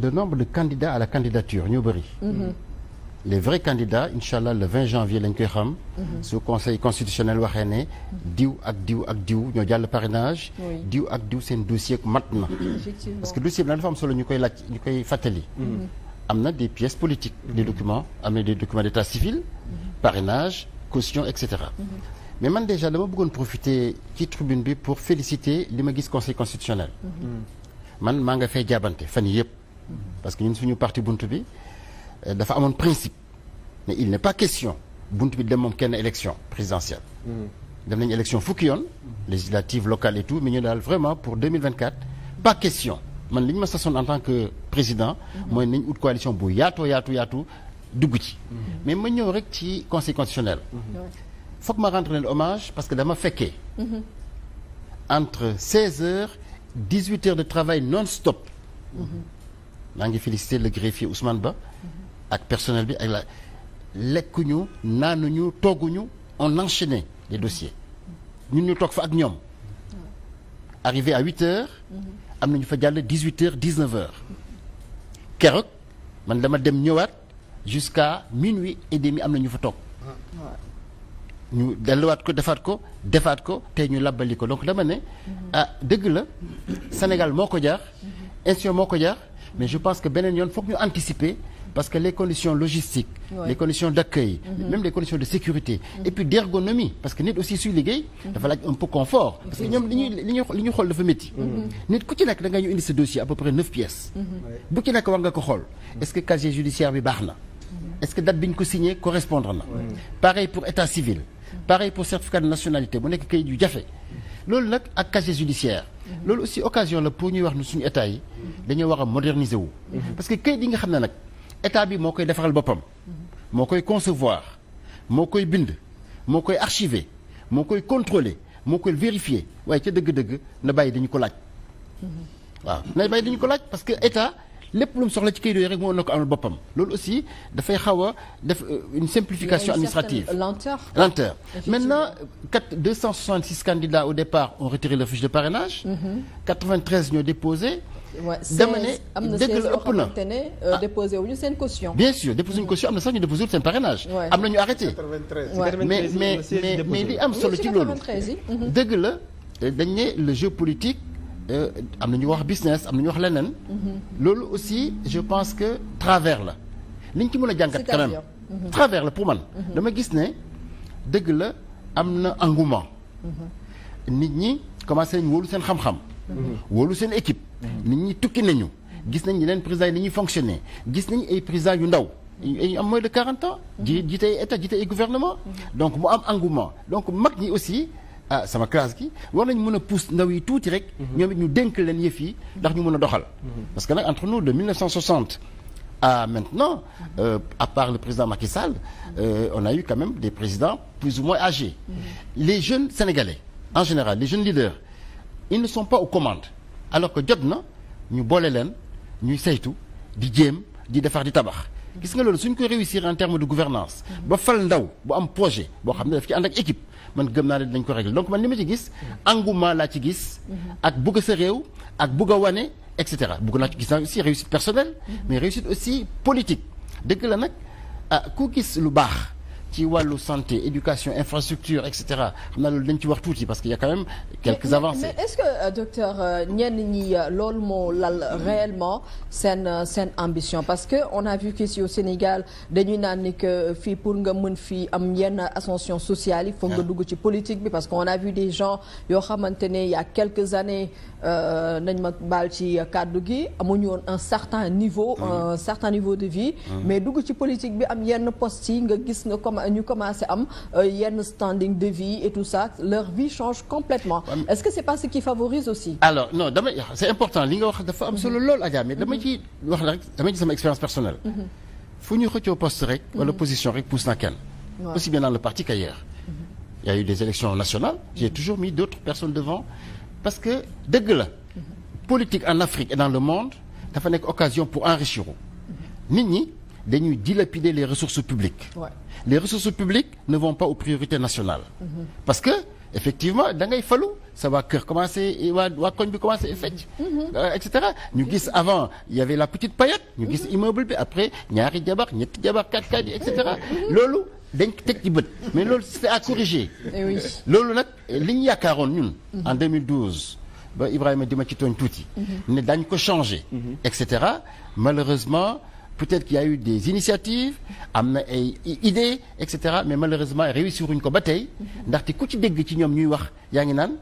le nombre de candidats à la candidature ñu bëri. Mhm. les vrais candidats incha allah le 20 janvier lañ koy xam. Mhm. su conseil constitutionnel waxee ne. diw ak diw ak diw ñoo jàll parrainage. diw ak diw seen dossier mat na. parce que dossier bi solo ñu koy laaj ñu koy fàttali. Mhm. am na des pièces politiques. des am na des documents d'état civil. parrainage caution et cetera. mais man déjà dama bëggoon profiter ci tribune bi pour féliciter li ma gis conseil constitutionnel. man maa nga fay jaabante fan yii yëpp. parce que ñun suñu parti bunt bi euh, dafa amoon principe mais il n'est pas question bunt bi dem moom kenn élection présidentielle mm. dem nañu élection fukki yoon législative locale et tout mais ñu daal vraiment pour 2024 pas question man li ñu ma sasoon en tant que président mm-hmm. mooy nañ ut coalition bu yaatoo yaatu yaatu dugg ci mm-hmm. mais ma ñëw rek ci conseil constitutionnel mm-hmm. foog ma rendre leen hommage parce que dama fekkee entre 16 heures 18 heures de travail non stop maa ngi félicité le greffier Ousmane Ba ak personnel bi ak la lekkuñu naanuñu tooguñu on enchaînait les dossiers ñun ñu toog fa ak ñoom arrivé à huit heures am nañu fa jàll dix huit heures dix neuf heures keroog man dama dem ñëwaat jusqu'à minuit et demi am ñu fa toog ñu delluwaat ko defaat ko defaat ko tey ñu labbali ko donc dama ne ah, dëgg la Sénégal moo ko jaar institution moo ko jaar mais je pense que beneen yoon foog ñu anticiper parce que les conditions logistiques oui. les conditions d'accueil mm-hmm. même les conditions de sécurité mhm. et puis d'ergonomie parce que nit aussi suy liggéey mhm. dafa laaj un peu confort parce que ñoom li ñuy li ñuy xool dafa métti mhm. nit ku ci nekk da ñu indi sa dossier à près neuf pièces bu ci war nga ko xool est-ce que casier judiciaire bi baax na est-ce que date bi ñu ko signé correspondre na pareil pour pareil pour certificat de nationalité bu nekk kayit yu jafe loolu nag ak casier judiciaire mhm. loolu aussi occasion la pour ñuy wax ni suñu état yi dañoo war a moderniser mhm. parce que kayit yi nga xam ne nag état bi moo koy defaral boppam mhm. moo koy concevoir moo koy bind moo koy archiver moo koy contrôler moo koy vérifier waaye ca dëgg-dëgg na bàyyi dañu ko laaj waaw na bàyyi dañu ko laaj parce que état lépp lu soxla ci kayit yooyu rek moo na ko amal boppam loolu aussi dafay xaw a def euh, une simplification administrative lenteur lenteur maintenant quatre deux cent soixante six candidats au départ ont retiré leur fiche de parrainage mm-hmm. quatre vingt treize ñoo déposé dama la ëpp na euh, ah. déposé seen caution bien sûr déposé une caution am na sax ñu déposé seen parrainage am na ñu arrêté mais mais mais li am solo ci loolu mm-hmm. dëgg la dañ ne le jeu politique am na ñu wax business am na ñu wax leneen. Mhm. loolu aussi je pense que travers la liñ ci mën a jàngat. quand même travers la pour man. Mhm. dama gis ne dëgg la am na engouement. Mhm. nit ñi commencé nañ wóolu seen xam-xam. wóolu seen équipe. nit ñi tukki nañu. gis nañ yeneen présidents yi dañuy fonctionner gis nañ ay présidents yu ndaw. am moins de 40 ans. ji jiite ay état jiite ay gouvernement. donc mu am engouement donc mag ñi aussi. ah sama classe gi war nañ mën a pousse ndaw yi tuuti rek. Mhm. ñoom it ñu dénk leen yëf yi ndax ñu mën a doxal. Mhm. parce que nag entre nous de 1960 maintenant euh, à le président Macky Sall euh, on a eu quand même des présidents plus ou moins âgés. Mhm. les jeunes sénégalais en général les jeunes leaders ils ne sont pas aux commandes alors que jot na ñu boole leen ñuy saytu di jéem di defar di tabax. gis nga loolu suñ koy réussir en termes de gouvernance ba fal ndaw bu am projet boo xam ne daf ci ànd ak équipe. man gëm naa ne dinañ ko régler donc man li ma ci gis engouement laa ci gis ak bugg sa réew ak bugg a wane et cetera bugg naa ci gis naa aussi réussite personnelle mais réussite aussi politique dëgg la nag ah ku gis lu baax ci wàllu santé éducation infrastructure et xam naa loolu dañ ci wax tuuti parce que y a quand même quelques avancées. mais est-ce euh, euh, euh, seen seen ambition parce que on a vu qu'ici au Sénégal dañuy naan ni que fii pour nga mën fii am yenn ascension sociale yi foog nga ah. dugg ci politique bi parce que on a vu des gens yoo xamante ne il y a quelques années nañ ma bal ci kàddu gi amuñu woon un certain niveau mmh. un certain niveau de vie mmh. mais dugg ci politique bi am yenn poste yi nga gis nga comme ñu commencé am euh, yenn standing de vie et tout ça leur vie change complètement est-ce que c'est pas ce qui favorise aussi alors non dama c'est important li nga wax dafa am solo loolu Adja mais dama ci wax la rek dama ci sama expérience personnelle mm-hmm. fu ñu xëccoo poste rek mm-hmm. wala position rek pousse na kenn aussi bien dans le parti qu'ailleurs mm-hmm. il y a eu des élections nationales j'ai toujours mis d'autres personnes devant parce que dëgg la politique en Afrique et dans le monde dafa nekk occasion pour enrichir nit ñi dañuy dilapider les ressources publiques. Ouais. les ressources publiques ne vont pas aux priorités nationales. Mm-hmm. parce que effectivement da ngay falu sa waa kër commencé waa waa koñ bi commencé fecc mm-hmm. euh, et cetera ñu gis mm-hmm. avant il y avait la petite paillette. ñu gis immeuble bi après ñaari jabar ñetti jabar quatre quatre et cetera loolu dañ ko teg ci bët mais loolu c'est à corriger. Eh loolu nag li ñu yaakaaroon ñun. en 2012 ba Ibrahima di ma ci tooñ tuuti. ne dañ ko changer. et peut-être qu'il y a eu des initiatives am na ay idées et cetera mais malheureusement réussir wuñ ko ba tey ndaxte ku ci dégg ci ñoom ñuy wax yaa ngi naan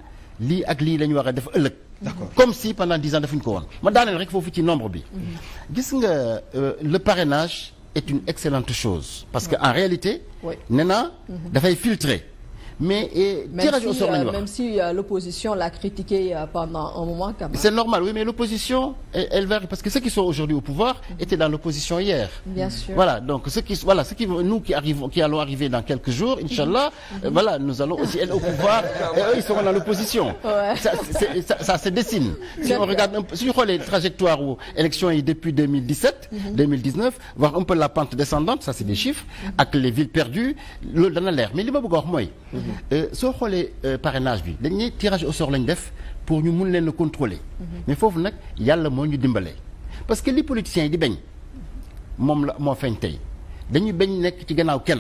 lii ak lii la ñu war def ëllëg. d'accord comme si pendant dix ans defuñ ko woon ma daaneel rek foofu ci nombre bi. Mm-hmm. gis nga euh, le parrainage est une excellente chose. parce que en réalité. nee na mm-hmm. dafay filtrer. mais et, tirage si, au sort la ñu wax même si euh, l'opposition l'a critiqué euh, pendant un moment c'est normal mais l'opposition elle, elle va parce que ceux qui sont aujourd'hui au pouvoir mhm. étaient dans l'opposition hier. bien sûr voilà donc ceux qui nous allons arriver dans quelques jours inchallah mhm. euh, voilà nous allons aussi au pouvoir et ils seront dans l'opposition. c'est dessine. si on regarde un peu si xoolee trajectoire wu élection yi depuis 2017. 2019 mhm. voir un peu la pente descendante ça c'est des chiffres. ak les villes perdues loolu mais li ma bëgg wax mooy. Euh, soo xoolee euh, parrainage bi dañ ne tirage au sort lañu def pour ñu mun leen a mhm. mais foofu nag yàlla moo ñu dimbale. parce que li politiciens yi di bañ moom la moo feeñ tey dañuy bañ nekk ci gannaaw kenn.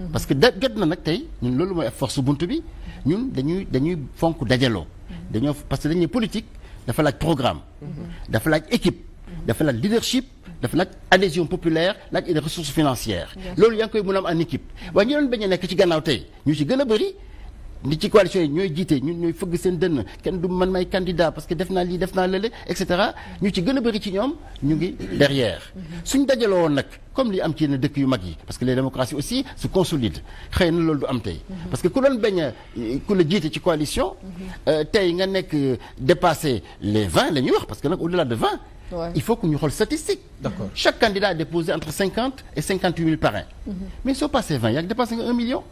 Mhm. parce que da na nag tey ñun loolu mooy force bunt bi ñun dañuy dañuy fonk dajaloo. Mhm. dañoo parce que dañuy politique dafa laaj programme. dafa laaj équipe. dafa laaj leadership. dafa laaj adhésion populaire laaj une ressource financière loolu yaa ngi koy mën a am en équipe waaye ñu doon bañ nekk ci gannaaw tey ñu ci gën a bëri ni ci coalition yi ñooy jiite ñu ñooy fëgg seen dënn kenn du man may candidat parce que def naa lii def naa lële et cetera ñu ci gën a bëri ci ñoom ñu ngi derrière suñ dajaloo woon nag comme li am ci yenn dëkk yu mag yi parce que les démocraties aussi se consolident xëy na loolu du am tey parce que ku doon ci coalition mhm. euh, tey nga nekk dépasser les vingt la ñuy wax parce Ouais. il faut que ñu xool statistique. d'accord chaque candidat a déposé entre cinquante et cinquante huit mille parrains. Mm -hmm. mais soo passé vingt yaa ngi dépassé nga un million.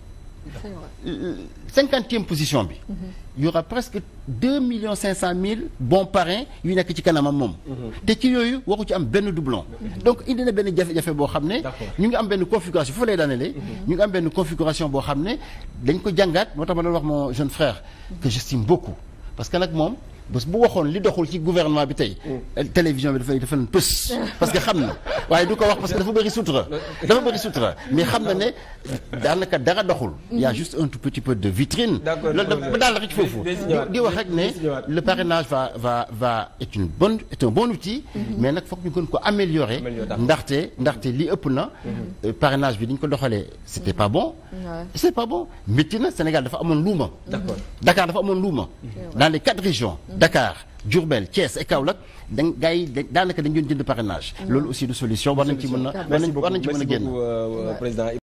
cinquantième position bi. Mm -hmm. y aura presque deux millions cinq cent mille bon parrains yu nekk ci kanamam moom. Mm-hmm. te ci yooyu waxu ci am benn doublon. Mm-hmm. donc indi na benn jafe-jafe boo xam ne. ñu ngi am benn configuration foofu lay daanelee. Mm-hmm. ñu ngi am benn configuration boo xam ne dañ ko jàngaat moo tax ma doon wax mon jeune frère. que j'estime beaucoup que nag moom. bés bu waxoon li doxul ci gouvernement bi tey. Mm. télévision bi dafay dafa leen pës. parce que xam na waaye du ko wax parce que dafa bëri sutura. dafa bëri mais xam na ne daanaka dara doxul. y a juste un tout petit peu de vitrine. loolu dafa daal rek foofu. di wax rek ne le parrainage va va va est une bonne est un bon outil. Mm-hmm. mais nag foog ñu gën ko améliorer. ndaxte ndaxte li ëpp na. Mm-hmm. Euh, parrainage bi ni ko doxalee c' était pas bon. c' est pas bon métti na Sénégal dafa amoon luuma. Dakar dafa amoon luuma. dans les quatre régions. Mm. dakaar Diourbel Thiès et Kaolack dañ gars yi daanaka dañ doon jënd parrainage. Mm. loolu aussi du solution war nañ ci mën a nañ ci mën a génn.